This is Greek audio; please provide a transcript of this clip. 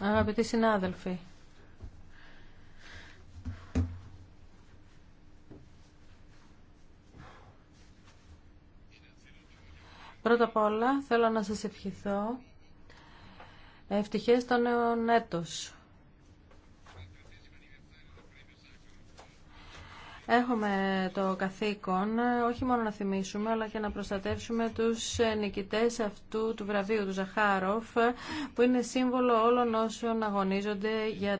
Αγαπητοί συνάδελφοι, πρώτα απ' όλα θέλω να σας ευχηθώ ευτυχές στο νέο έτος. Έχουμε το καθήκον όχι μόνο να θυμίσουμε αλλά και να προστατεύσουμε τους νικητές αυτού του βραβείου του Ζαχάροφ που είναι σύμβολο όλων όσων αγωνίζονται για